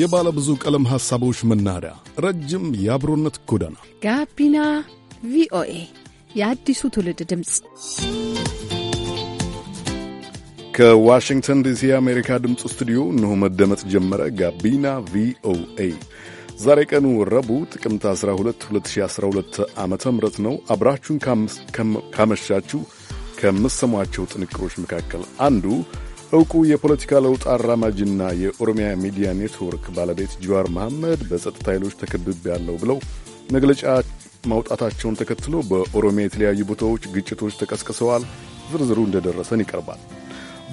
የባለ ብዙ ቀለም ሐሳቦች መናኸሪያ፣ ረጅም የአብሮነት ጎዳና፣ ጋቢና ቪኦኤ የአዲሱ ትውልድ ድምፅ ከዋሽንግተን ዲሲ የአሜሪካ ድምፅ ስቱዲዮ እነሆ መደመጥ ጀመረ። ጋቢና ቪኦኤ ዛሬ ቀኑ ረቡዕ ጥቅምት 12 2012 ዓ ም ነው። አብራችሁን ካመሻችሁ ከምትሰሟቸው ጥንቅሮች መካከል አንዱ እውቁ የፖለቲካ ለውጥ አራማጅና የኦሮሚያ ሚዲያ ኔትወርክ ባለቤት ጅዋር መሐመድ በጸጥታ ኃይሎች ተከብብ ያለው ብለው መግለጫ ማውጣታቸውን ተከትሎ በኦሮሚያ የተለያዩ ቦታዎች ግጭቶች ተቀስቅሰዋል። ዝርዝሩ እንደደረሰን ይቀርባል።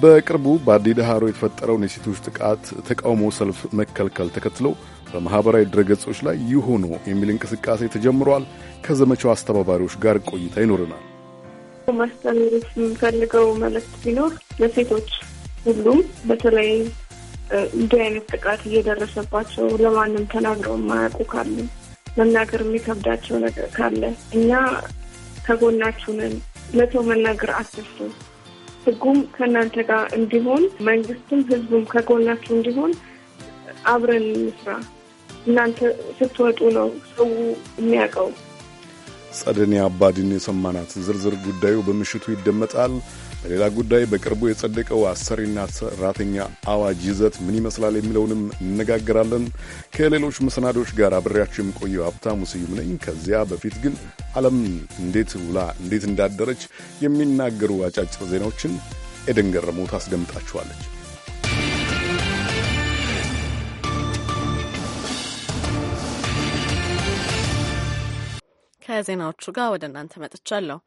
በቅርቡ በአዲ ዳሃሮ የተፈጠረውን የሴቶች ጥቃት ተቃውሞ ሰልፍ መከልከል ተከትሎ በማኅበራዊ ድረገጾች ላይ ይሁኑ የሚል እንቅስቃሴ ተጀምሯል። ከዘመቻው አስተባባሪዎች ጋር ቆይታ ይኖረናል። ማስተላለፍ የምፈልገው መልእክት ቢኖር ለሴቶች ሁሉም በተለይ እንዲህ አይነት ጥቃት እየደረሰባቸው ለማንም ተናግረው የማያውቁ ካሉ መናገር የሚከብዳቸው ነገር ካለ እኛ ከጎናችሁ ነን። ለሰው መናገር አትፍሩ። ህጉም ከእናንተ ጋር እንዲሆን፣ መንግስትም ህዝቡም ከጎናችሁ እንዲሆን አብረን እንስራ። እናንተ ስትወጡ ነው ሰው የሚያውቀው። ጸደኔ አባዲን የሰማናት ዝርዝር ጉዳዩ በምሽቱ ይደመጣል። በሌላ ጉዳይ በቅርቡ የጸደቀው አሰሪና ሰራተኛ አዋጅ ይዘት ምን ይመስላል የሚለውንም እነጋገራለን። ከሌሎች መሰናዶች ጋር አብሬያቸው የምቆየው ሀብታሙ ስዩም ነኝ። ከዚያ በፊት ግን ዓለም እንዴት ውላ እንዴት እንዳደረች የሚናገሩ አጫጭር ዜናዎችን ኤደን ገረሞ ታስደምጣችኋለች። ከዜናዎቹ ጋር ወደ እናንተ መጥቻለሁ።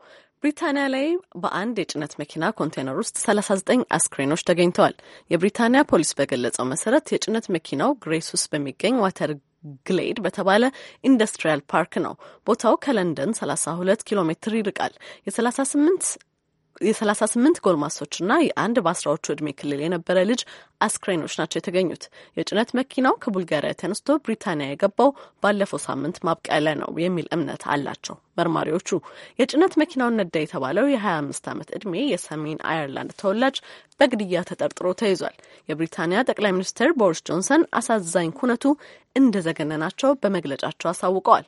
ብሪታንያ ላይ በአንድ የጭነት መኪና ኮንቴነር ውስጥ 39 አስክሬኖች ተገኝተዋል። የብሪታንያ ፖሊስ በገለጸው መሰረት የጭነት መኪናው ግሬስ ውስጥ በሚገኝ ዋተር ግሌድ በተባለ ኢንዱስትሪያል ፓርክ ነው። ቦታው ከለንደን 32 ኪሎ ሜትር ይርቃል። የ38 የሰላሳ ስምንት ጎልማሶችና የአንድ በአስራዎቹ እድሜ ክልል የነበረ ልጅ አስክሬኖች ናቸው የተገኙት። የጭነት መኪናው ከቡልጋሪያ ተነስቶ ብሪታንያ የገባው ባለፈው ሳምንት ማብቂያ ነው የሚል እምነት አላቸው መርማሪዎቹ። የጭነት መኪናውን ነዳ የተባለው የ25 ዓመት ዕድሜ የሰሜን አየርላንድ ተወላጅ በግድያ ተጠርጥሮ ተይዟል። የብሪታንያ ጠቅላይ ሚኒስትር ቦሪስ ጆንሰን አሳዛኝ ኩነቱ እንደዘገነናቸው በመግለጫቸው አሳውቀዋል።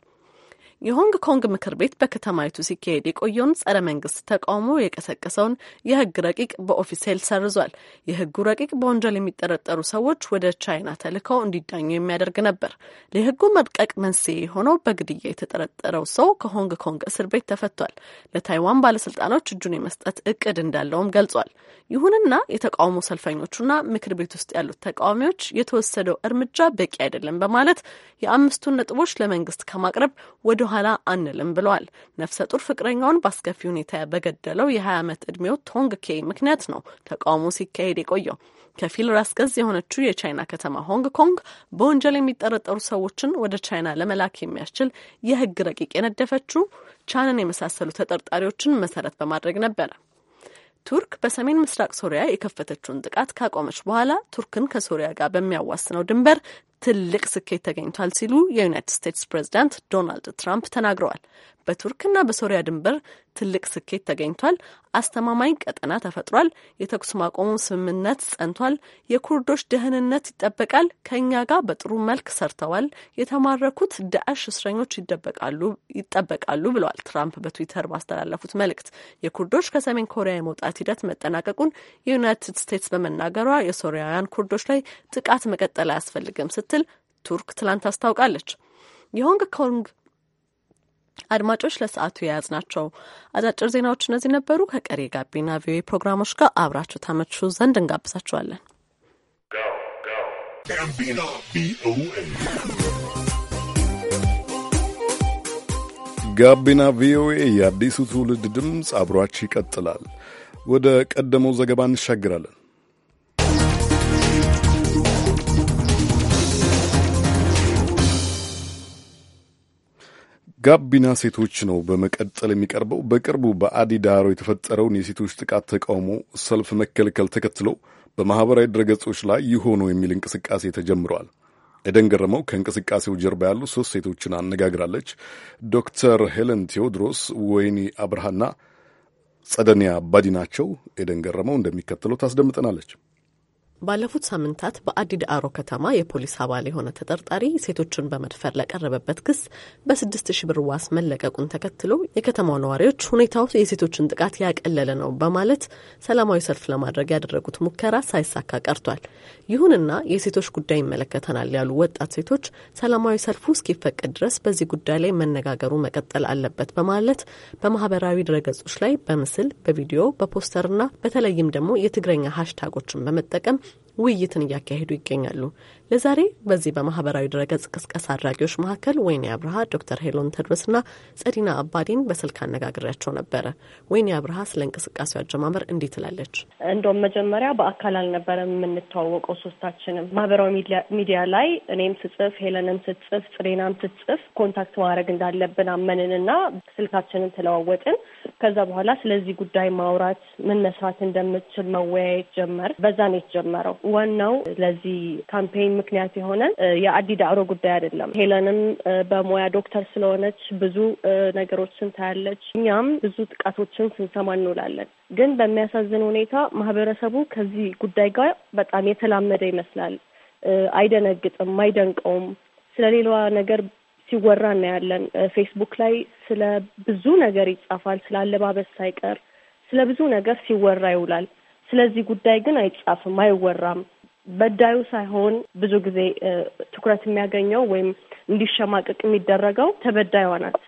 የሆንግ ኮንግ ምክር ቤት በከተማይቱ ሲካሄድ የቆየውን ጸረ መንግስት ተቃውሞ የቀሰቀሰውን የህግ ረቂቅ በኦፊሴል ሰርዟል። የህጉ ረቂቅ በወንጀል የሚጠረጠሩ ሰዎች ወደ ቻይና ተልከው እንዲዳኙ የሚያደርግ ነበር። ለህጉ መድቀቅ መንስኤ የሆነው በግድያ የተጠረጠረው ሰው ከሆንግ ኮንግ እስር ቤት ተፈቷል። ለታይዋን ባለስልጣኖች እጁን የመስጠት እቅድ እንዳለውም ገልጿል። ይሁንና የተቃውሞ ሰልፈኞቹና ምክር ቤት ውስጥ ያሉት ተቃዋሚዎች የተወሰደው እርምጃ በቂ አይደለም በማለት የአምስቱን ነጥቦች ለመንግስት ከማቅረብ ወደ ኋላ አንልም ብለዋል። ነፍሰ ጡር ፍቅረኛውን በአስከፊ ሁኔታ በገደለው የ20 ዓመት ዕድሜው ቶንግ ኬ ምክንያት ነው ተቃውሞ ሲካሄድ የቆየው። ከፊል ራስ ገዝ የሆነችው የቻይና ከተማ ሆንግ ኮንግ በወንጀል የሚጠረጠሩ ሰዎችን ወደ ቻይና ለመላክ የሚያስችል የህግ ረቂቅ የነደፈችው ቻንን የመሳሰሉ ተጠርጣሪዎችን መሰረት በማድረግ ነበረ። ቱርክ በሰሜን ምስራቅ ሶሪያ የከፈተችውን ጥቃት ካቆመች በኋላ ቱርክን ከሶሪያ ጋር በሚያዋስነው ድንበር ትልቅ ስኬት ተገኝቷል ሲሉ የዩናይትድ ስቴትስ ፕሬዚዳንት ዶናልድ ትራምፕ ተናግረዋል። በቱርክና በሶሪያ ድንበር ትልቅ ስኬት ተገኝቷል። አስተማማኝ ቀጠና ተፈጥሯል። የተኩስ ማቆሙ ስምምነት ጸንቷል። የኩርዶች ደህንነት ይጠበቃል። ከእኛ ጋር በጥሩ መልክ ሰርተዋል። የተማረኩት ዳዕሽ እስረኞች ይጠበቃሉ ብለዋል ትራምፕ በትዊተር ባስተላለፉት መልእክት። የኩርዶች ከሰሜን ኮሪያ የመውጣት ሂደት መጠናቀቁን የዩናይትድ ስቴትስ በመናገሯ የሶሪያውያን ኩርዶች ላይ ጥቃት መቀጠል አያስፈልግም ስትል ቱርክ ትላንት አስታውቃለች። የሆንግ ኮንግ አድማጮች ለሰዓቱ ናቸው። አጫጭር ዜናዎች እነዚህ ነበሩ። ከቀሪ ጋቢና ቪኦኤ ፕሮግራሞች ጋር አብራችሁ ታመቹ ዘንድ እንጋብዛችኋለን። ጋቢና ቪኦኤ የአዲሱ ትውልድ ድምፅ አብሯችሁ ይቀጥላል። ወደ ቀደመው ዘገባ እንሻግራለን። ጋቢና ሴቶች ነው በመቀጠል የሚቀርበው። በቅርቡ በአዲ ዳሮ የተፈጠረውን የሴቶች ጥቃት ተቃውሞ ሰልፍ መከልከል ተከትሎ በማኅበራዊ ድረገጾች ላይ ይሆኑ የሚል እንቅስቃሴ ተጀምሯል። ኤደን ገረመው ከእንቅስቃሴው ጀርባ ያሉ ሶስት ሴቶችን አነጋግራለች። ዶክተር ሄለን ቴዎድሮስ፣ ወይኒ አብርሃና ጸደኒያ ባዲ ናቸው። ኤደን ገረመው እንደሚከተለው ታስደምጠናለች። ባለፉት ሳምንታት በአዲድ አሮ ከተማ የፖሊስ አባል የሆነ ተጠርጣሪ ሴቶችን በመድፈር ለቀረበበት ክስ በስድስት ሺ ብር ዋስ መለቀቁን ተከትሎ የከተማው ነዋሪዎች ሁኔታው የሴቶችን ጥቃት ያቀለለ ነው በማለት ሰላማዊ ሰልፍ ለማድረግ ያደረጉት ሙከራ ሳይሳካ ቀርቷል። ይሁንና የሴቶች ጉዳይ ይመለከተናል ያሉ ወጣት ሴቶች ሰላማዊ ሰልፉ እስኪፈቀድ ድረስ በዚህ ጉዳይ ላይ መነጋገሩ መቀጠል አለበት በማለት በማህበራዊ ድረገጾች ላይ በምስል፣ በቪዲዮ፣ በፖስተርና በተለይም ደግሞ የትግረኛ ሀሽታጎችን በመጠቀም ውይይትን እያካሄዱ ይገኛሉ። ለዛሬ በዚህ በማህበራዊ ድረገጽ ቅስቀሳ አድራጊዎች መካከል ወይኒ አብርሃ፣ ዶክተር ሄሎን ተድሮስና ጸዲና አባዲን በስልክ አነጋግሬያቸው ነበረ። ወይኒ አብርሃ ስለ እንቅስቃሴው አጀማመር እንዲህ ትላለች። እንደውም መጀመሪያ በአካል አልነበረም የምንተዋወቀው ሶስታችንም። ማህበራዊ ሚዲያ ላይ እኔም ስጽፍ፣ ሄለንም ስትጽፍ፣ ጽዴናም ስትጽፍ ኮንታክት ማድረግ እንዳለብን አመንንና ስልካችንን ተለዋወጥን። ከዛ በኋላ ስለዚህ ጉዳይ ማውራት ምን መስራት እንደምችል መወያየት ጀመር። በዛ ነው የተጀመረው። ዋናው ለዚህ ካምፔን ምክንያት የሆነ የአዲ ዳዕሮ ጉዳይ አይደለም። ሄለንም በሙያ ዶክተር ስለሆነች ብዙ ነገሮችን ታያለች። እኛም ብዙ ጥቃቶችን ስንሰማ እንውላለን። ግን በሚያሳዝን ሁኔታ ማህበረሰቡ ከዚህ ጉዳይ ጋር በጣም የተላመደ ይመስላል። አይደነግጥም፣ አይደንቀውም። ስለሌላዋ ነገር ሲወራ እናያለን። ፌስቡክ ላይ ስለ ብዙ ነገር ይጻፋል። ስለ አለባበስ ሳይቀር ስለ ብዙ ነገር ሲወራ ይውላል። ስለዚህ ጉዳይ ግን አይጻፍም፣ አይወራም። በዳዩ ሳይሆን ብዙ ጊዜ ትኩረት የሚያገኘው ወይም እንዲሸማቀቅ የሚደረገው ተበዳይዋ ናት።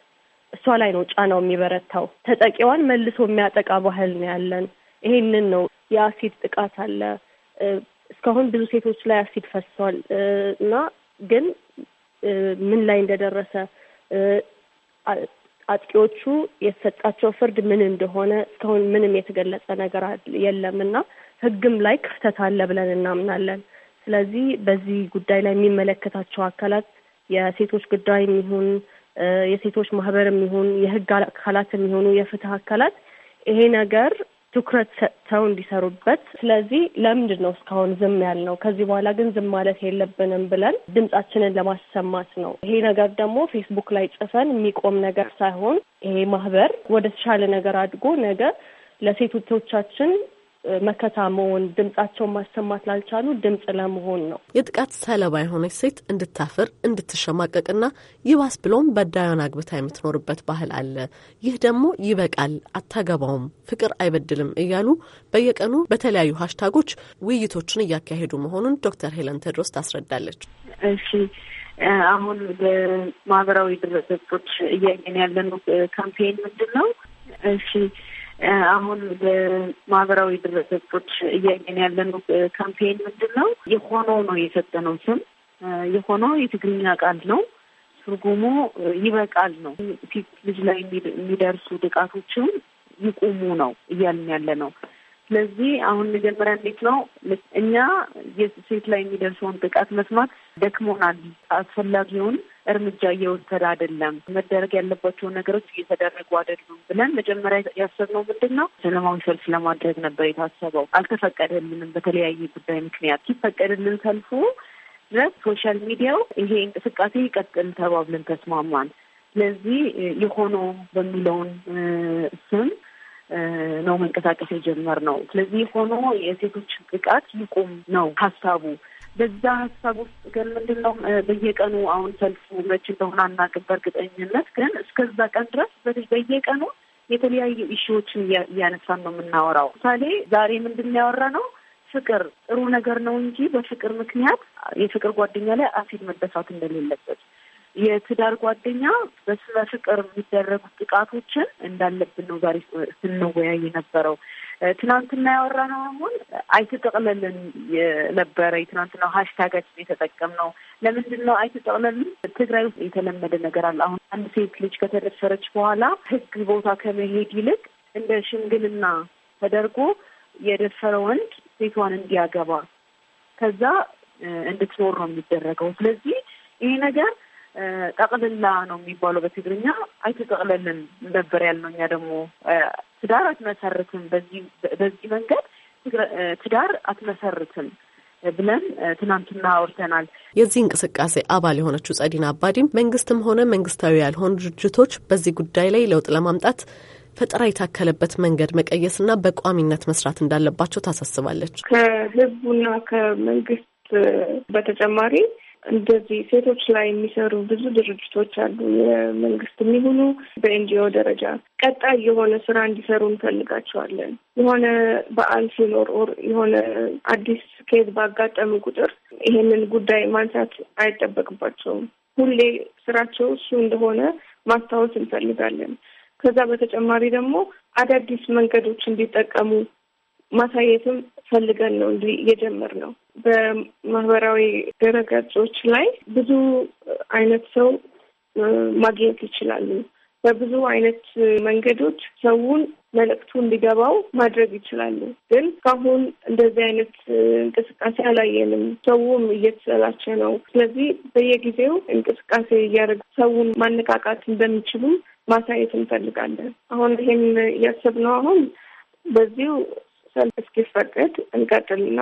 እሷ ላይ ነው ጫናው የሚበረታው። ተጠቂዋን መልሶ የሚያጠቃ ባህል ነው ያለን። ይሄንን ነው የአሲድ ጥቃት አለ። እስካሁን ብዙ ሴቶች ላይ አሲድ ፈሷል እና ግን ምን ላይ እንደደረሰ አጥቂዎቹ የተሰጣቸው ፍርድ ምን እንደሆነ እስካሁን ምንም የተገለጸ ነገር የለም እና ህግም ላይ ክፍተት አለ ብለን እናምናለን። ስለዚህ በዚህ ጉዳይ ላይ የሚመለከታቸው አካላት የሴቶች ጉዳይ የሚሆን የሴቶች ማህበር የሚሆን የህግ አካላት የሚሆኑ የፍትህ አካላት ይሄ ነገር ትኩረት ሰጥተው እንዲሰሩበት። ስለዚህ ለምንድን ነው እስካሁን ዝም ያልነው? ከዚህ በኋላ ግን ዝም ማለት የለብንም ብለን ድምጻችንን ለማሰማት ነው። ይሄ ነገር ደግሞ ፌስቡክ ላይ ጽፈን የሚቆም ነገር ሳይሆን ይሄ ማህበር ወደ ተሻለ ነገር አድጎ ነገ ለሴቶቻችን መከታ መሆን ድምጻቸውን ማሰማት ላልቻሉ ድምጽ ለመሆን ነው። የጥቃት ሰለባ የሆነች ሴት እንድታፍር እንድትሸማቀቅና ይባስ ብሎም በዳዩን አግብታ የምትኖርበት ባህል አለ። ይህ ደግሞ ይበቃል፣ አታገባውም፣ ፍቅር አይበድልም እያሉ በየቀኑ በተለያዩ ሀሽታጎች ውይይቶችን እያካሄዱ መሆኑን ዶክተር ሄለን ቴድሮስ ታስረዳለች። እሺ አሁን በማህበራዊ ድረገጾች እያየን ያለነው ካምፔን ምንድን ነው? እሺ አሁን በማህበራዊ ድረገጾች እያየን ያለነው ካምፔን ምንድን ነው? የሆኖ ነው የሰጠነው ስም። የሆኖ የትግርኛ ቃል ነው። ትርጉሙ ይበቃል ነው። ፊት ልጅ ላይ የሚደርሱ ጥቃቶችም ይቁሙ ነው እያልን ያለ ነው። ስለዚህ አሁን መጀመሪያ እንዴት ነው እኛ የሴት ላይ የሚደርሰውን ጥቃት መስማት ደክሞናል። አስፈላጊውን እርምጃ እየወሰደ አይደለም፣ መደረግ ያለባቸውን ነገሮች እየተደረጉ አይደሉም ብለን መጀመሪያ ያሰብነው ምንድን ነው ሰላማዊ ሰልፍ ለማድረግ ነበር የታሰበው። አልተፈቀደልንም። በተለያየ ጉዳይ ምክንያት ሲፈቀድልን ሰልፉ ድረስ ሶሻል ሚዲያው ይሄ እንቅስቃሴ ይቀጥል ተባብለን ተስማማን። ስለዚህ የሆኖ በሚለውን ስም ነው መንቀሳቀስ የጀመር ነው። ስለዚህ የሆኖ የሴቶች ጥቃት ይቁም ነው ሀሳቡ። በዛ ሀሳብ ውስጥ ግን ምንድን ነው በየቀኑ አሁን ሰልፉ መች እንደሆነ አናውቅም። በእርግጠኝነት ግን እስከዛ ቀን ድረስ በየቀኑ የተለያዩ ኢሹዎችን እያነሳን ነው የምናወራው። ምሳሌ ዛሬ ምንድን ያወራ ነው ፍቅር ጥሩ ነገር ነው እንጂ በፍቅር ምክንያት የፍቅር ጓደኛ ላይ አሲድ መደፋት እንደሌለበት የትዳር ጓደኛ በስነ ፍቅር የሚደረጉ ጥቃቶችን እንዳለብን ነው ዛሬ ስንወያይ የነበረው። ትናንትና ያወራነው አሁን አይተጠቅለልን የነበረ የትናንትናው ሀሽታጋችን የተጠቀምነው ለምንድን ነው አይተጠቅለልን? ትግራይ ውስጥ የተለመደ ነገር አለ። አሁን አንድ ሴት ልጅ ከተደፈረች በኋላ ህግ ቦታ ከመሄድ ይልቅ እንደ ሽምግልና ተደርጎ የደፈረ ወንድ ሴቷን እንዲያገባ ከዛ እንድትኖር ነው የሚደረገው። ስለዚህ ይሄ ነገር ጠቅልላ ነው የሚባለው በትግርኛ አይተጠቅለልን ነበር ያልነው። እኛ ደግሞ ትዳር አትመሰርትም በዚህ መንገድ ትዳር አትመሰርትም ብለን ትናንትና አውርተናል። የዚህ እንቅስቃሴ አባል የሆነችው ጸዲና አባዲም መንግስትም ሆነ መንግስታዊ ያልሆኑ ድርጅቶች በዚህ ጉዳይ ላይ ለውጥ ለማምጣት ፈጠራ የታከለበት መንገድ መቀየስና በቋሚነት መስራት እንዳለባቸው ታሳስባለች። ከህዝቡና ከመንግስት በተጨማሪ እንደዚህ ሴቶች ላይ የሚሰሩ ብዙ ድርጅቶች አሉ፣ የመንግስት የሚሆኑ በኤንጂኦ ደረጃ ቀጣይ የሆነ ስራ እንዲሰሩ እንፈልጋቸዋለን። የሆነ በዓል ሲኖር ኦር የሆነ አዲስ ኬዝ ባጋጠሙ ቁጥር ይሄንን ጉዳይ ማንሳት አይጠበቅባቸውም። ሁሌ ስራቸው እሱ እንደሆነ ማስታወስ እንፈልጋለን። ከዛ በተጨማሪ ደግሞ አዳዲስ መንገዶች እንዲጠቀሙ ማሳየትም ፈልገን ነው እንዲህ እየጀመር ነው። በማህበራዊ ድረገጾች ላይ ብዙ አይነት ሰው ማግኘት ይችላሉ። በብዙ አይነት መንገዶች ሰውን መልእክቱ እንዲገባው ማድረግ ይችላሉ። ግን እስካሁን እንደዚህ አይነት እንቅስቃሴ አላየንም። ሰውም እየተሰላቸ ነው። ስለዚህ በየጊዜው እንቅስቃሴ እያደረጉ ሰውን ማነቃቃት እንደሚችሉም ማሳየት እንፈልጋለን። አሁን ይሄም እያሰብነው አሁን በዚሁ ሰልፍ እስኪፈቀድ እንቀጥልና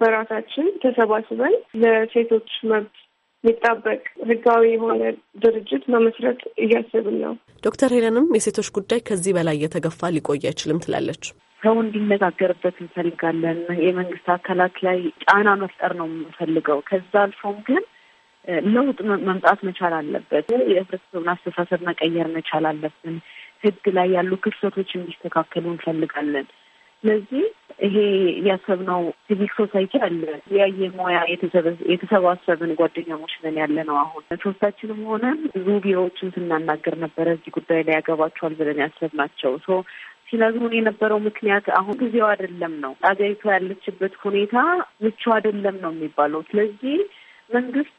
በራሳችን ተሰባስበን ለሴቶች መብት የሚጣበቅ ህጋዊ የሆነ ድርጅት መመስረት እያሰብን ነው። ዶክተር ሄለንም የሴቶች ጉዳይ ከዚህ በላይ እየተገፋ ሊቆይ አይችልም ትላለች። ሰው እንዲነጋገርበት እንፈልጋለን። የመንግስት አካላት ላይ ጫና መፍጠር ነው የምንፈልገው። ከዛ አልፎም ግን ለውጥ መምጣት መቻል አለበት። የህብረተሰቡን አስተሳሰብ መቀየር መቻል አለብን። ህግ ላይ ያሉ ክፍተቶች እንዲስተካከሉ እንፈልጋለን። ስለዚህ ይሄ ያሰብነው ሲቪክ ሶሳይቲ አለ ያየ ሙያ የተሰባሰብን ጓደኛሞች ነን ያለ ነው። አሁን ሶስታችንም ሆነን ብዙ ቢሮዎችን ስናናገር ነበረ እዚህ ጉዳይ ላይ ያገባቸዋል ብለን ያሰብናቸው ሲነግሩን የነበረው ምክንያት አሁን ጊዜው አይደለም ነው፣ አገሪቱ ያለችበት ሁኔታ ምቹ አይደለም ነው የሚባለው። ስለዚህ መንግስት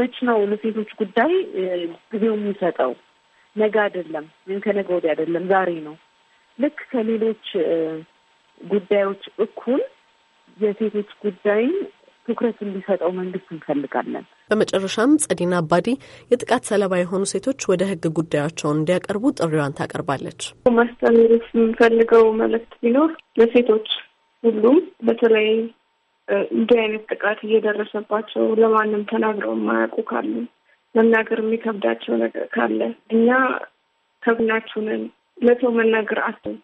መች ነው ለሴቶች ጉዳይ ጊዜው የሚሰጠው? ነገ አይደለም ምን ከነገ ወዲያ አይደለም፣ ዛሬ ነው። ልክ ከሌሎች ጉዳዮች እኩል የሴቶች ጉዳይን ትኩረት እንዲሰጠው መንግስት እንፈልጋለን። በመጨረሻም ጸዲና አባዲ የጥቃት ሰለባ የሆኑ ሴቶች ወደ ህግ ጉዳያቸውን እንዲያቀርቡ ጥሪዋን ታቀርባለች። ማስተምር የምንፈልገው መልእክት ቢኖር ለሴቶች ሁሉም በተለይ እንዲህ አይነት ጥቃት እየደረሰባቸው ለማንም ተናግረው የማያውቁ ካሉ መናገር የሚከብዳቸው ነገር ካለ እኛ ከብናችሁንን ለሰው መናገር አትም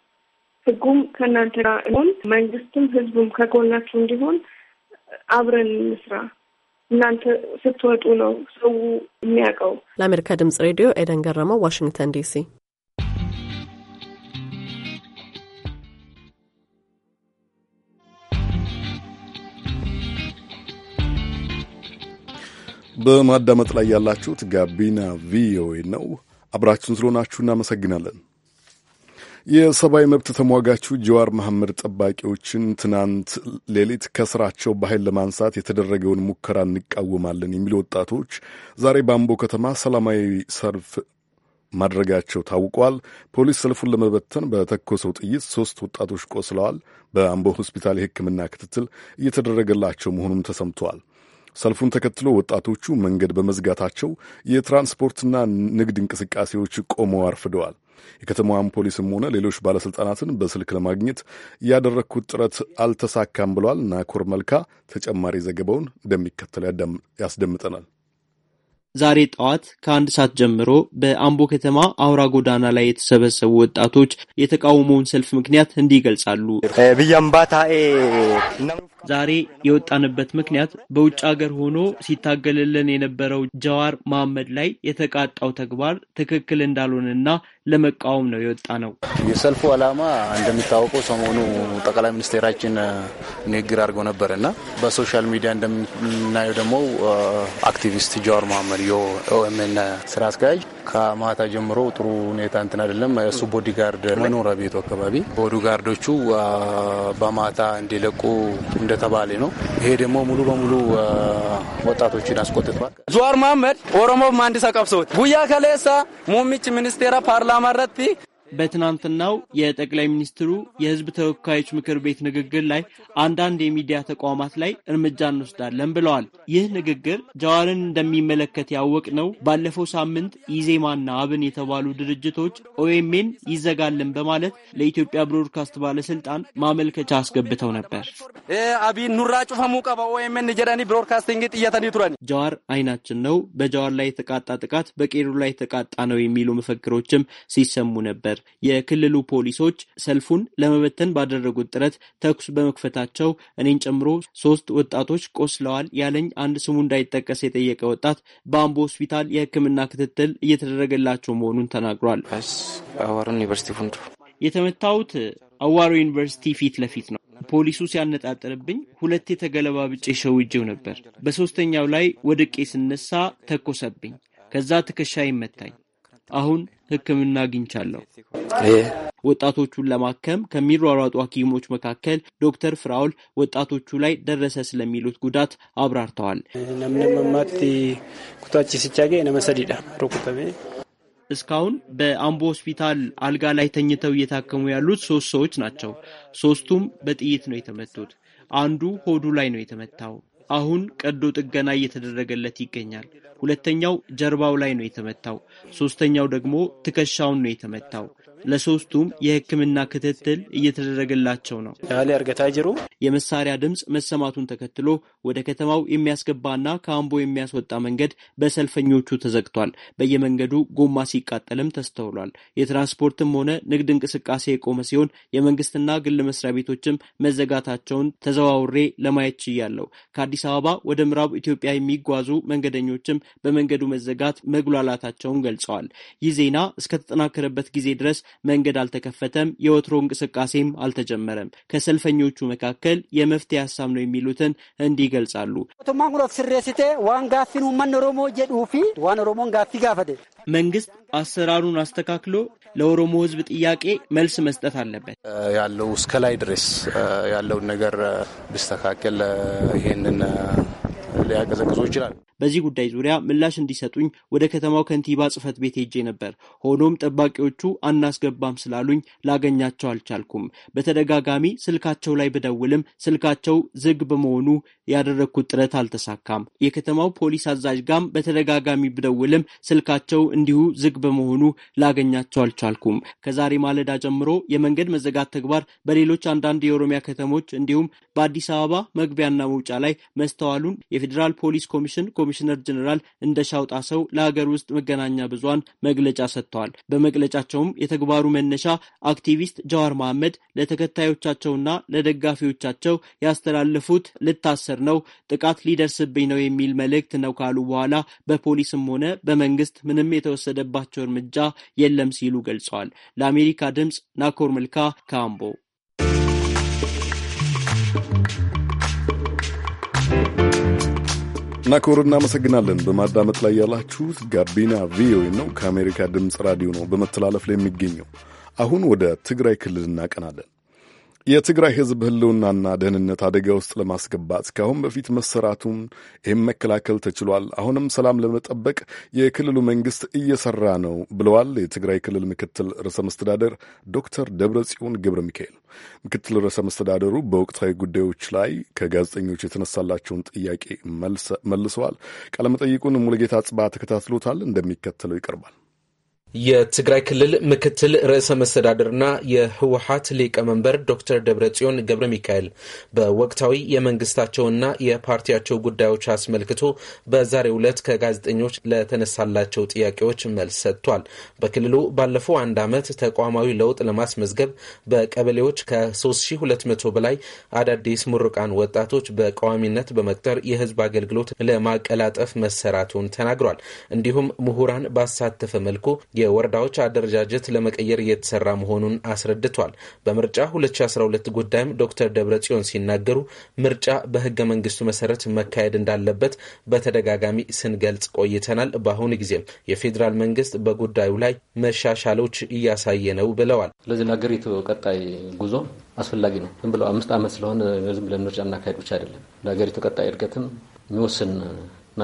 ህጉም ከእናንተ ጋር እንሆን፣ መንግስትም ህዝቡም ከጎናችሁ እንዲሆን አብረን እንስራ። እናንተ ስትወጡ ነው ሰው የሚያውቀው። ለአሜሪካ ድምጽ ሬዲዮ ኤደን ገረመው፣ ዋሽንግተን ዲሲ። በማዳመጥ ላይ ያላችሁት ጋቢና ቪኦኤ ነው። አብራችሁን ስለሆናችሁ እናመሰግናለን። የሰብአዊ መብት ተሟጋቹ ጀዋር መሐመድ ጠባቂዎችን ትናንት ሌሊት ከስራቸው በኃይል ለማንሳት የተደረገውን ሙከራ እንቃወማለን የሚሉ ወጣቶች ዛሬ በአምቦ ከተማ ሰላማዊ ሰልፍ ማድረጋቸው ታውቋል። ፖሊስ ሰልፉን ለመበተን በተኮሰው ጥይት ሶስት ወጣቶች ቆስለዋል። በአምቦ ሆስፒታል የሕክምና ክትትል እየተደረገላቸው መሆኑም ተሰምተዋል። ሰልፉን ተከትሎ ወጣቶቹ መንገድ በመዝጋታቸው የትራንስፖርትና ንግድ እንቅስቃሴዎች ቆመው አርፍደዋል። የከተማዋን ፖሊስም ሆነ ሌሎች ባለስልጣናትን በስልክ ለማግኘት ያደረግኩት ጥረት አልተሳካም ብሏል። ናኮር መልካ ተጨማሪ ዘገባውን እንደሚከተል ያስደምጠናል። ዛሬ ጠዋት ከአንድ ሰዓት ጀምሮ በአምቦ ከተማ አውራ ጎዳና ላይ የተሰበሰቡ ወጣቶች የተቃውሞውን ሰልፍ ምክንያት እንዲህ ይገልጻሉ። eh, ዛሬ የወጣንበት ምክንያት በውጭ ሀገር ሆኖ ሲታገልልን የነበረው ጀዋር መሐመድ ላይ የተቃጣው ተግባር ትክክል እንዳልሆነና ለመቃወም ነው የወጣ ነው። የሰልፉ ዓላማ እንደሚታወቀው ሰሞኑ ጠቅላይ ሚኒስቴራችን ንግግር አድርገው ነበር እና በሶሻል ሚዲያ እንደምናየው ደግሞ አክቲቪስት ጀዋር መሐመድ የኦኤምኤን ስራ አስኪያጅ ከማታ ጀምሮ ጥሩ ሁኔታ እንትን አይደለም። እሱ ቦዲጋርድ መኖሪያ ቤቱ አካባቢ ቦዲጋርዶቹ በማታ እንዲለቁ እንደተባለ ነው። ይሄ ደግሞ ሙሉ በሙሉ ወጣቶችን አስቆጥቷል። ዙዋር መሀመድ ኦሮሞ ማንዲሳ ቀብሶት ጉያ ከሌሳ ሙሚች ሚኒስቴራ ፓርላማ ረት በትናንትናው የጠቅላይ ሚኒስትሩ የህዝብ ተወካዮች ምክር ቤት ንግግር ላይ አንዳንድ የሚዲያ ተቋማት ላይ እርምጃ እንወስዳለን ብለዋል። ይህ ንግግር ጀዋርን እንደሚመለከት ያወቅ ነው ባለፈው ሳምንት ኢዜማና አብን የተባሉ ድርጅቶች ኦኤምኤን ይዘጋልን በማለት ለኢትዮጵያ ብሮድካስት ባለስልጣን ማመልከቻ አስገብተው ነበር። አቢ ኑራ ጩፈሙ ቀባ ኦኤምኤን ጀዳኒ ብሮድካስቲንግ ጥየተኒ ቱረኒ ጀዋር አይናችን ነው፣ በጀዋር ላይ የተቃጣ ጥቃት በቄሩ ላይ የተቃጣ ነው የሚሉ መፈክሮችም ሲሰሙ ነበር። የክልሉ ፖሊሶች ሰልፉን ለመበተን ባደረጉት ጥረት ተኩስ በመክፈታቸው እኔን ጨምሮ ሶስት ወጣቶች ቆስለዋል ያለኝ አንድ ስሙ እንዳይጠቀስ የጠየቀ ወጣት በአምቦ ሆስፒታል የሕክምና ክትትል እየተደረገላቸው መሆኑን ተናግሯል። የተመታሁት አዋሮ ዩኒቨርሲቲ ፊት ለፊት ነው። ፖሊሱ ሲያነጣጠርብኝ ሁለቴ ተገለባብጬ ሸውጄው ነበር። በሶስተኛው ላይ ወድቄ ስነሳ ተኮሰብኝ። ከዛ ትከሻ ይመታኝ አሁን ሕክምና አግኝቻለሁ። ወጣቶቹን ለማከም ከሚሯሯጡ ሐኪሞች መካከል ዶክተር ፍራውል ወጣቶቹ ላይ ደረሰ ስለሚሉት ጉዳት አብራርተዋል። እስካሁን በአምቦ ሆስፒታል አልጋ ላይ ተኝተው እየታከሙ ያሉት ሶስት ሰዎች ናቸው። ሶስቱም በጥይት ነው የተመቱት። አንዱ ሆዱ ላይ ነው የተመታው። አሁን ቀዶ ጥገና እየተደረገለት ይገኛል። ሁለተኛው ጀርባው ላይ ነው የተመታው፣ ሶስተኛው ደግሞ ትከሻውን ነው የተመታው። ለሶስቱም የሕክምና ክትትል እየተደረገላቸው ነው። የመሳሪያ ድምፅ መሰማቱን ተከትሎ ወደ ከተማው የሚያስገባና ከአምቦ የሚያስወጣ መንገድ በሰልፈኞቹ ተዘግቷል። በየመንገዱ ጎማ ሲቃጠልም ተስተውሏል። የትራንስፖርትም ሆነ ንግድ እንቅስቃሴ የቆመ ሲሆን የመንግስትና ግል መስሪያ ቤቶችም መዘጋታቸውን ተዘዋውሬ ለማየት ችያለሁ። ከአዲስ አበባ ወደ ምዕራብ ኢትዮጵያ የሚጓዙ መንገደኞችም በመንገዱ መዘጋት መጉላላታቸውን ገልጸዋል። ይህ ዜና እስከተጠናከረበት ጊዜ ድረስ መንገድ አልተከፈተም፣ የወትሮ እንቅስቃሴም አልተጀመረም። ከሰልፈኞቹ መካከል የመፍትሄ ሀሳብ ነው የሚሉትን እንዲህ ይገልጻሉ። መንግስት አሰራሩን አስተካክሎ ለኦሮሞ ህዝብ ጥያቄ መልስ መስጠት አለበት። ያለው እስከ ላይ ድረስ ያለውን ነገር ቢስተካከል ይሄንን ሊያቀዘቅዞ ይችላል። በዚህ ጉዳይ ዙሪያ ምላሽ እንዲሰጡኝ ወደ ከተማው ከንቲባ ጽፈት ቤት ሄጄ ነበር። ሆኖም ጠባቂዎቹ አናስገባም ስላሉኝ ላገኛቸው አልቻልኩም። በተደጋጋሚ ስልካቸው ላይ ብደውልም ስልካቸው ዝግ በመሆኑ ያደረግኩት ጥረት አልተሳካም። የከተማው ፖሊስ አዛዥ ጋም በተደጋጋሚ ብደውልም ስልካቸው እንዲሁ ዝግ በመሆኑ ላገኛቸው አልቻልኩም። ከዛሬ ማለዳ ጀምሮ የመንገድ መዘጋት ተግባር በሌሎች አንዳንድ የኦሮሚያ ከተሞች እንዲሁም በአዲስ አበባ መግቢያና መውጫ ላይ መስተዋሉን የፌዴራል የፌዴራል ፖሊስ ኮሚሽን ኮሚሽነር ጀኔራል እንደሻው ጣሰው ለሀገር ውስጥ መገናኛ ብዙሃን መግለጫ ሰጥተዋል። በመግለጫቸውም የተግባሩ መነሻ አክቲቪስት ጀዋር መሐመድ ለተከታዮቻቸውና ለደጋፊዎቻቸው ያስተላለፉት ልታሰር ነው፣ ጥቃት ሊደርስብኝ ነው የሚል መልእክት ነው ካሉ በኋላ በፖሊስም ሆነ በመንግስት ምንም የተወሰደባቸው እርምጃ የለም ሲሉ ገልጸዋል። ለአሜሪካ ድምፅ ናኮር መልካ ካምቦ ናኮር እናመሰግናለን። በማዳመጥ ላይ ያላችሁት ጋቢና ቪኦኤ ነው፣ ከአሜሪካ ድምፅ ራዲዮ ነው በመተላለፍ ላይ የሚገኘው። አሁን ወደ ትግራይ ክልል እናቀናለን። የትግራይ ህዝብ ህልውናና ደህንነት አደጋ ውስጥ ለማስገባት ከአሁን በፊት መሰራቱን ይህም መከላከል ተችሏል። አሁንም ሰላም ለመጠበቅ የክልሉ መንግስት እየሰራ ነው ብለዋል የትግራይ ክልል ምክትል ርዕሰ መስተዳደር ዶክተር ደብረ ጽዮን ገብረ ሚካኤል። ምክትል ርዕሰ መስተዳደሩ በወቅታዊ ጉዳዮች ላይ ከጋዜጠኞች የተነሳላቸውን ጥያቄ መልሰዋል። ቃለመጠይቁን ሙሉጌታ ጽባ ተከታትሎታል፣ እንደሚከተለው ይቀርባል። የትግራይ ክልል ምክትል ርዕሰ መስተዳድርና የህወሀት ሊቀመንበር ዶክተር ደብረጽዮን ገብረ ሚካኤል በወቅታዊ የመንግስታቸውና የፓርቲያቸው ጉዳዮች አስመልክቶ በዛሬው ዕለት ከጋዜጠኞች ለተነሳላቸው ጥያቄዎች መልስ ሰጥቷል። በክልሉ ባለፈው አንድ ዓመት ተቋማዊ ለውጥ ለማስመዝገብ በቀበሌዎች ከ3200 በላይ አዳዲስ ምሩቃን ወጣቶች በቋሚነት በመቅጠር የህዝብ አገልግሎት ለማቀላጠፍ መሰራቱን ተናግሯል። እንዲሁም ምሁራን ባሳተፈ መልኩ የወረዳዎች አደረጃጀት ለመቀየር እየተሰራ መሆኑን አስረድቷል። በምርጫ 2012 ጉዳይም ዶክተር ደብረ ጽዮን ሲናገሩ ምርጫ በህገ መንግስቱ መሰረት መካሄድ እንዳለበት በተደጋጋሚ ስንገልጽ ቆይተናል። በአሁኑ ጊዜም የፌዴራል መንግስት በጉዳዩ ላይ መሻሻሎች እያሳየ ነው ብለዋል። ስለዚህ ለሀገሪቱ ቀጣይ ጉዞ አስፈላጊ ነው። ዝም ብለው አምስት ዓመት ስለሆነ ዝም ብለን ምርጫ እናካሄድ ብቻ አይደለም። ለሀገሪቱ ቀጣይ እድገትም የሚወስን እና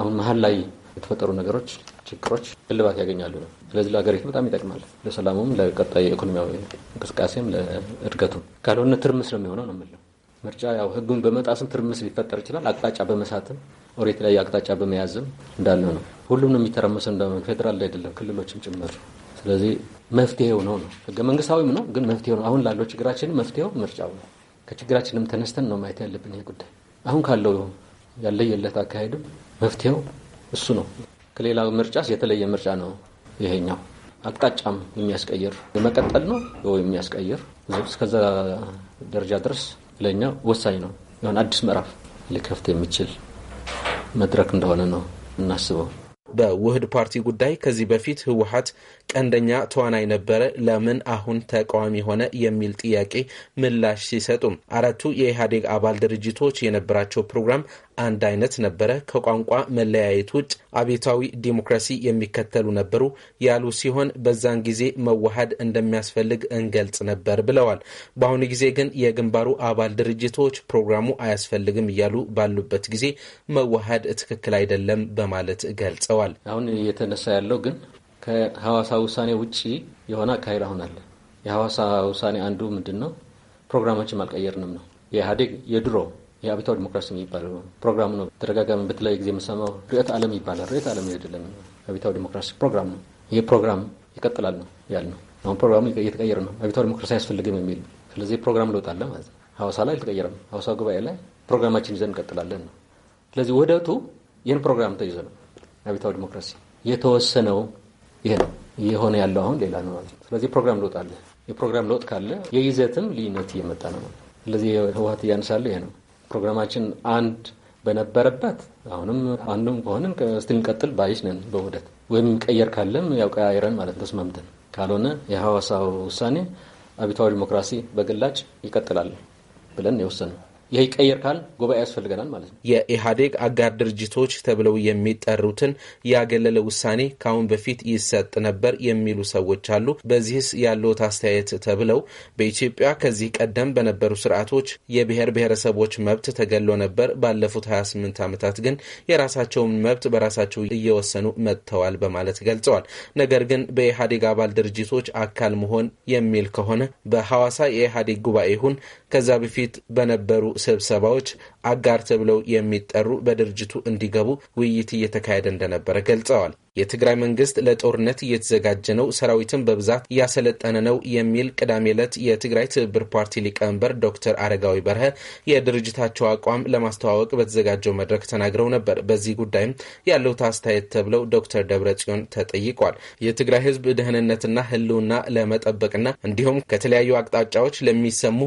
አሁን መሀል ላይ የተፈጠሩ ነገሮች፣ ችግሮች እልባት ያገኛሉ ነው። ስለዚህ ለሀገሪቱ በጣም ይጠቅማል፣ ለሰላሙም፣ ለቀጣይ የኢኮኖሚያዊ እንቅስቃሴም፣ ለእድገቱም። ካልሆነ ትርምስ ነው የሚሆነው ነው የምለው። ምርጫ ያው ህጉን በመጣስም ትርምስ ሊፈጠር ይችላል። አቅጣጫ በመሳትም ኦሬት ላይ አቅጣጫ በመያዝም እንዳለ ነው። ሁሉም ነው የሚተረመሰ እንደ ፌዴራል አይደለም ክልሎችም ጭምር ስለዚህ መፍትሄው ነው ነው ህገ መንግስታዊም ነው ግን መፍትሄው ነው። አሁን ላለው ችግራችን መፍትሄው ምርጫው ነው። ከችግራችንም ተነስተን ነው ማየት ያለብን ይሄ ጉዳይ። አሁን ካለው ያለየለት አካሄድም መፍትሄው እሱ ነው። ከሌላ ምርጫስ የተለየ ምርጫ ነው ይሄኛው። አቅጣጫም የሚያስቀይር መቀጠል ነው ወይ የሚያስቀይር እስከዛ ደረጃ ድረስ ለእኛ ወሳኝ ነው። የሆነ አዲስ ምዕራፍ ሊከፍት የሚችል መድረክ እንደሆነ ነው እናስበው። በውህድ ፓርቲ ጉዳይ ከዚህ በፊት ህወሀት ቀንደኛ ተዋናይ ነበረ፣ ለምን አሁን ተቃዋሚ ሆነ የሚል ጥያቄ ምላሽ ሲሰጡም አራቱ የኢህአዴግ አባል ድርጅቶች የነበራቸው ፕሮግራም አንድ አይነት ነበረ። ከቋንቋ መለያየት ውጭ አቤታዊ ዲሞክራሲ የሚከተሉ ነበሩ ያሉ ሲሆን በዛን ጊዜ መዋሃድ እንደሚያስፈልግ እንገልጽ ነበር ብለዋል። በአሁኑ ጊዜ ግን የግንባሩ አባል ድርጅቶች ፕሮግራሙ አያስፈልግም እያሉ ባሉበት ጊዜ መዋሃድ ትክክል አይደለም በማለት ገልጸዋል። አሁን እየተነሳ ያለው ግን ከሐዋሳ ውሳኔ ውጭ የሆነ አካሄድ አሁን አለ። የሐዋሳ ውሳኔ አንዱ ምንድን ነው? ፕሮግራማችን አልቀየርንም ነው። የኢህአዴግ የድሮ የአብዮታዊ ዲሞክራሲ የሚባለው ፕሮግራም ነው። ተደጋጋሚ በተለያየ ጊዜ የምሰማው ርዕዮተ ዓለም ይባላል። ርዕዮተ ዓለም አይደለም፣ አብዮታዊ ዲሞክራሲ ፕሮግራም ነው። ይህ ፕሮግራም ይቀጥላል ነው ያልነው። አሁን ፕሮግራሙ እየተቀየረ ነው። አብዮታዊ ዲሞክራሲ አያስፈልግም የሚል ስለዚህ ፕሮግራም ለውጥ አለ ማለት ነው። ሐዋሳ ላይ አልተቀየረም። ሐዋሳ ጉባኤ ላይ ፕሮግራማችን ይዘን እንቀጥላለን ነው። ስለዚህ ውህደቱ ይህን ፕሮግራም ተይዞ ነው አብዮታዊ ዲሞክራሲ የተወሰነው ይሄ ነው እየሆነ ያለው አሁን ሌላ ነው ማለት ነው። ስለዚህ ፕሮግራም ለውጥ አለ። የፕሮግራም ለውጥ ካለ የይዘትም ልዩነት እየመጣ ነው። ማለት ነው። ስለዚህ ህወሀት እያነሳለ ይሄ ነው ፕሮግራማችን አንድ በነበረበት አሁንም አንዱም ከሆንን ስትንቀጥል ባይሽ ነን በውህደት ወይም ቀየር ካለም ያው ቀያይረን ማለት ተስማምተን ካልሆነ የሐዋሳ ውሳኔ አብዮታዊ ዲሞክራሲ በግላጭ ይቀጥላል ብለን የወሰነው ይህ ይቀየር ካል ጉባኤ ያስፈልገናል ማለት ነው። የኢህአዴግ አጋር ድርጅቶች ተብለው የሚጠሩትን ያገለለ ውሳኔ ከአሁን በፊት ይሰጥ ነበር የሚሉ ሰዎች አሉ። በዚህስ ያለውት አስተያየት? ተብለው በኢትዮጵያ ከዚህ ቀደም በነበሩ ስርዓቶች የብሔር ብሔረሰቦች መብት ተገሎ ነበር። ባለፉት 28 ዓመታት ግን የራሳቸውን መብት በራሳቸው እየወሰኑ መጥተዋል በማለት ገልጸዋል። ነገር ግን በኢህአዴግ አባል ድርጅቶች አካል መሆን የሚል ከሆነ በሐዋሳ የኢህአዴግ ጉባኤ ይሁን ከዛ በፊት በነበሩ ስብሰባዎች አጋር ተብለው የሚጠሩ በድርጅቱ እንዲገቡ ውይይት እየተካሄደ እንደነበረ ገልጸዋል። የትግራይ መንግስት ለጦርነት እየተዘጋጀ ነው፣ ሰራዊትን በብዛት እያሰለጠነ ነው የሚል ቅዳሜ ዕለት የትግራይ ትብብር ፓርቲ ሊቀመንበር ዶክተር አረጋዊ በርሀ የድርጅታቸው አቋም ለማስተዋወቅ በተዘጋጀው መድረክ ተናግረው ነበር። በዚህ ጉዳይም ያለውት አስተያየት ተብለው ዶክተር ደብረጽዮን ተጠይቋል። የትግራይ ህዝብ ደህንነትና ህልውና ለመጠበቅና እንዲሁም ከተለያዩ አቅጣጫዎች ለሚሰሙ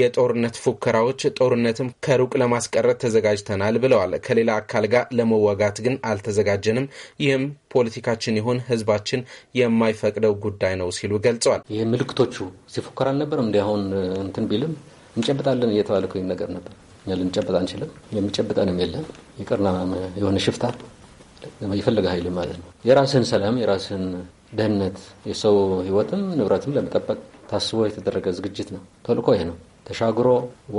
የጦርነት ፉከራዎች ጦርነትም ከሩቅ ለማስቀረት ተዘጋጅተናል ብለዋል። ከሌላ አካል ጋር ለመዋጋት ግን አልተዘጋጀንም። ይህም ፖለቲካችን ይሁን ህዝባችን የማይፈቅደው ጉዳይ ነው ሲሉ ገልጸዋል። ይህ ምልክቶቹ ሲፎከር አልነበረም። እንዲ አሁን እንትን ቢልም እንጨብጣለን እየተባለ ነገር ነበር። እኛ ልንጨብጥ አንችልም። የሚጨብጠንም የለም። ይቅርና የሆነ ሽፍታ የፈለገ ኃይል ማለት ነው። የራስህን ሰላም፣ የራስህን ደህንነት፣ የሰው ህይወትም ንብረትም ለመጠበቅ ታስቦ የተደረገ ዝግጅት ነው። ተልኮ ይሄ ነው። ተሻግሮ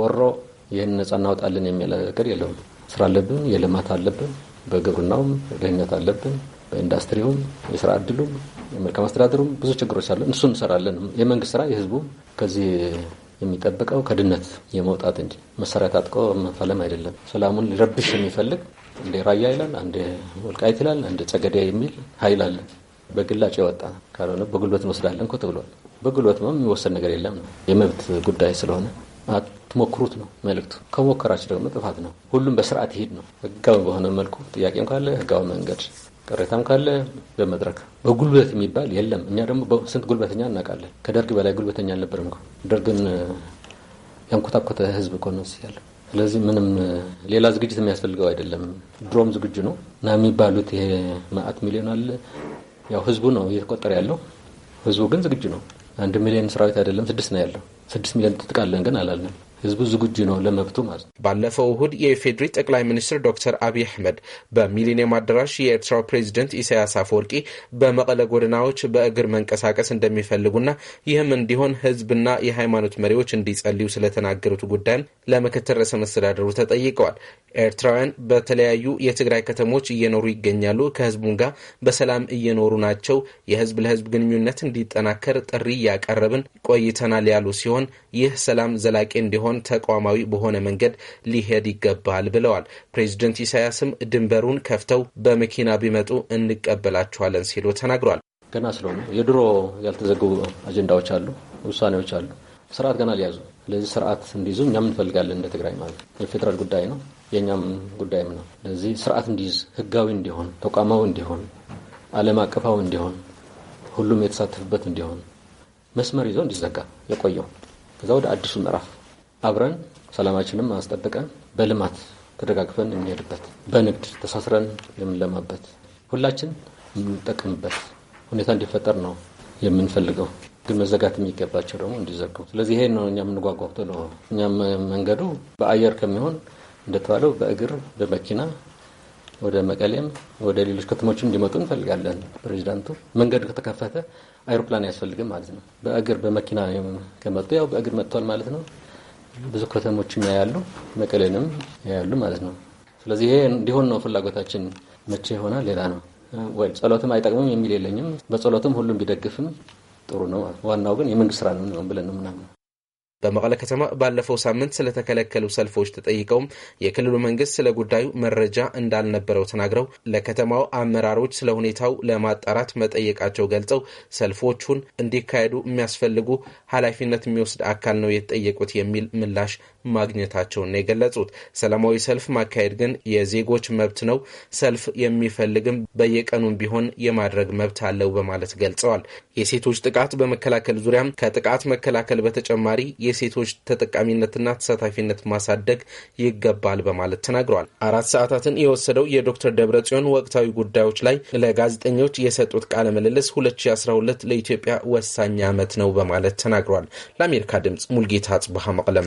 ወሮ ይህን ነጻ እናወጣለን የሚል ነገር የለውም። ስራ አለብን፣ የልማት አለብን፣ በግብርናውም ደህንነት አለብን። ኢንዱስትሪውም የስራ እድሉም የመልካም አስተዳደሩም ብዙ ችግሮች አሉ። እሱ እንሰራለን። የመንግስት ስራ የህዝቡ ከዚህ የሚጠብቀው ከድነት የመውጣት እንጂ መሳሪያ ታጥቆ መፈለም አይደለም። ሰላሙን ሊረብሽ የሚፈልግ እንደ ራያ ይላል፣ አንደ ወልቃይት ይላል፣ አንደ ጸገዳ የሚል ሀይል አለ። በግላጭ የወጣ ካልሆነ በጉልበት እንወስዳለን እኮ ተብሏል። በጉልበት የሚወሰድ ነገር የለም ነው የመብት ጉዳይ ስለሆነ አትሞክሩት ነው መልእክቱ። ከሞከራችሁ ደግሞ ጥፋት ነው። ሁሉም በስርዓት ይሄድ ነው። ህጋዊ በሆነ መልኩ ጥያቄም ካለ ህጋዊ መንገድ ቅሬታም ካለ በመድረክ በጉልበት የሚባል የለም። እኛ ደግሞ ስንት ጉልበተኛ እናውቃለን። ከደርግ በላይ ጉልበተኛ አልነበረም። ደርግን ያንኮታኮተ ህዝብ እኮ ነው ያለ። ስለዚህ ምንም ሌላ ዝግጅት የሚያስፈልገው አይደለም። ድሮም ዝግጁ ነው እና የሚባሉት ይሄ ማአት ሚሊዮን አለ ያው ህዝቡ ነው እየተቆጠረ ያለው። ህዝቡ ግን ዝግጁ ነው። አንድ ሚሊዮን ሰራዊት አይደለም ስድስት ነው ያለው። ስድስት ሚሊዮን ትጥቃለን ግን አላልንም። ህዝቡ ዝግጁ ነው ለመብቱ ማለት ነው። ባለፈው እሁድ የኢፌዴሪ ጠቅላይ ሚኒስትር ዶክተር አብይ አህመድ በሚሊኒየም አዳራሽ የኤርትራው ፕሬዚደንት ኢሳያስ አፈወርቂ በመቀለ ጎድናዎች በእግር መንቀሳቀስ እንደሚፈልጉና ይህም እንዲሆን ህዝብና የሃይማኖት መሪዎች እንዲጸልዩ ስለተናገሩት ጉዳይም ለምክትል ርዕሰ መስተዳደሩ ተጠይቀዋል። ኤርትራውያን በተለያዩ የትግራይ ከተሞች እየኖሩ ይገኛሉ። ከህዝቡም ጋር በሰላም እየኖሩ ናቸው። የህዝብ ለህዝብ ግንኙነት እንዲጠናከር ጥሪ እያቀረብን ቆይተናል ያሉ ሲሆን ይህ ሰላም ዘላቂ እንዲሆን ሳይሆን ተቋማዊ በሆነ መንገድ ሊሄድ ይገባል ብለዋል። ፕሬዚደንት ኢሳያስም ድንበሩን ከፍተው በመኪና ቢመጡ እንቀበላቸዋለን ሲሉ ተናግሯል። ገና ስለሆነ የድሮ ያልተዘገቡ አጀንዳዎች አሉ፣ ውሳኔዎች አሉ። ስርዓት ገና ሊያዙ ለዚህ ስርዓት እንዲይዙ እኛም እንፈልጋለን። እንደ ትግራይ ማለት የፌዴራል ጉዳይ ነው፣ የእኛም ጉዳይም ነው። ለዚህ ስርዓት እንዲይዝ ህጋዊ እንዲሆን፣ ተቋማዊ እንዲሆን፣ ዓለም አቀፋዊ እንዲሆን፣ ሁሉም የተሳተፍበት እንዲሆን መስመር ይዞ እንዲዘጋ የቆየው ከዛ ወደ አዲሱ ምዕራፍ አብረን ሰላማችንም አስጠብቀን በልማት ተደጋግፈን የምንሄድበት በንግድ ተሳስረን የምንለማበት ሁላችን የምንጠቅምበት ሁኔታ እንዲፈጠር ነው የምንፈልገው። ግን መዘጋት የሚገባቸው ደግሞ እንዲዘጉ። ስለዚህ ይሄ ነው እኛ የምንጓጓቶ ነው። እኛም መንገዱ በአየር ከሚሆን እንደተባለው በእግር በመኪና ወደ መቀሌም ወደ ሌሎች ከተሞች እንዲመጡ እንፈልጋለን። ፕሬዚዳንቱ መንገድ ከተከፈተ አይሮፕላን አያስፈልግም ማለት ነው። በእግር በመኪና ከመጡ ያው በእግር መጥቷል ማለት ነው። ብዙ ከተሞችም ያያሉ፣ መቀሌንም ያያሉ ማለት ነው። ስለዚህ ይሄ እንዲሆን ነው ፍላጎታችን። መቼ ይሆናል ሌላ ነው። ወይም ጸሎትም አይጠቅምም የሚል የለኝም። በጸሎትም ሁሉም ቢደግፍም ጥሩ ነው። ዋናው ግን የመንግስት ስራ ነው ብለን ነው ምናምን በመቀለ ከተማ ባለፈው ሳምንት ስለተከለከሉ ሰልፎች ተጠይቀው የክልሉ መንግስት ስለ ጉዳዩ መረጃ እንዳልነበረው ተናግረው ለከተማው አመራሮች ስለ ሁኔታው ለማጣራት መጠየቃቸው ገልጸው ሰልፎቹን እንዲካሄዱ የሚያስፈልጉ ኃላፊነት የሚወስድ አካል ነው የተጠየቁት የሚል ምላሽ ማግኘታቸውን ነው የገለጹት። ሰላማዊ ሰልፍ ማካሄድ ግን የዜጎች መብት ነው። ሰልፍ የሚፈልግም በየቀኑም ቢሆን የማድረግ መብት አለው በማለት ገልጸዋል። የሴቶች ጥቃት በመከላከል ዙሪያም ከጥቃት መከላከል በተጨማሪ የሴቶች ተጠቃሚነትና ተሳታፊነት ማሳደግ ይገባል በማለት ተናግረዋል። አራት ሰዓታትን የወሰደው የዶክተር ደብረጽዮን ወቅታዊ ጉዳዮች ላይ ለጋዜጠኞች የሰጡት ቃለ ምልልስ 2012 ለኢትዮጵያ ወሳኝ ዓመት ነው በማለት ተናግሯል። ለአሜሪካ ድምፅ ሙልጌታ አጽብሃ መቅለም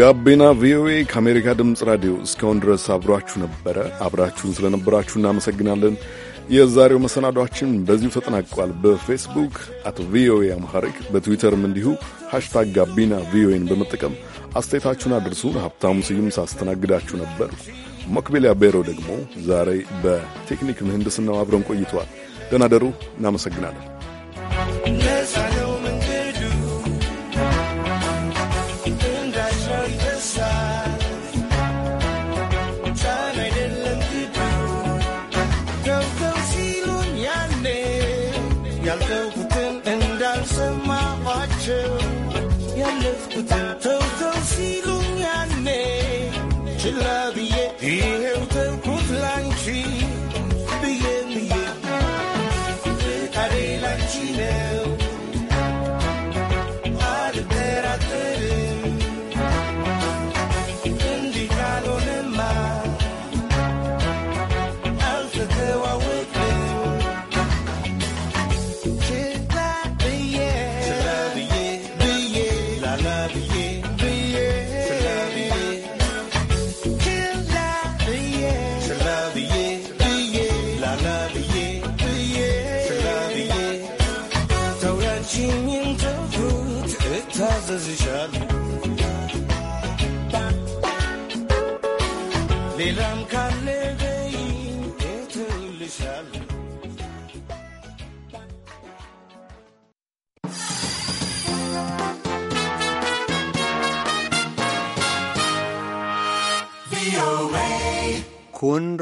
ጋቢና ቪኦኤ ከአሜሪካ ድምፅ ራዲዮ እስካሁን ድረስ አብሯችሁ ነበረ። አብራችሁን ስለነበራችሁ እናመሰግናለን። የዛሬው መሰናዷችን በዚሁ ተጠናቋል። በፌስቡክ አት ቪኦኤ አምሐሪክ በትዊተርም እንዲሁ ሃሽታግ ጋቢና ቪኦኤን በመጠቀም አስተያየታችሁን አድርሱን። ሀብታሙ ስዩም ሳስተናግዳችሁ ነበር። ሞክቤሊያ ቤሮ ደግሞ ዛሬ በቴክኒክ ምህንድስናው አብረን ቆይተዋል። ደናደሩ እናመሰግናለን።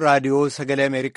raadiyoo sagalee Ameerikaa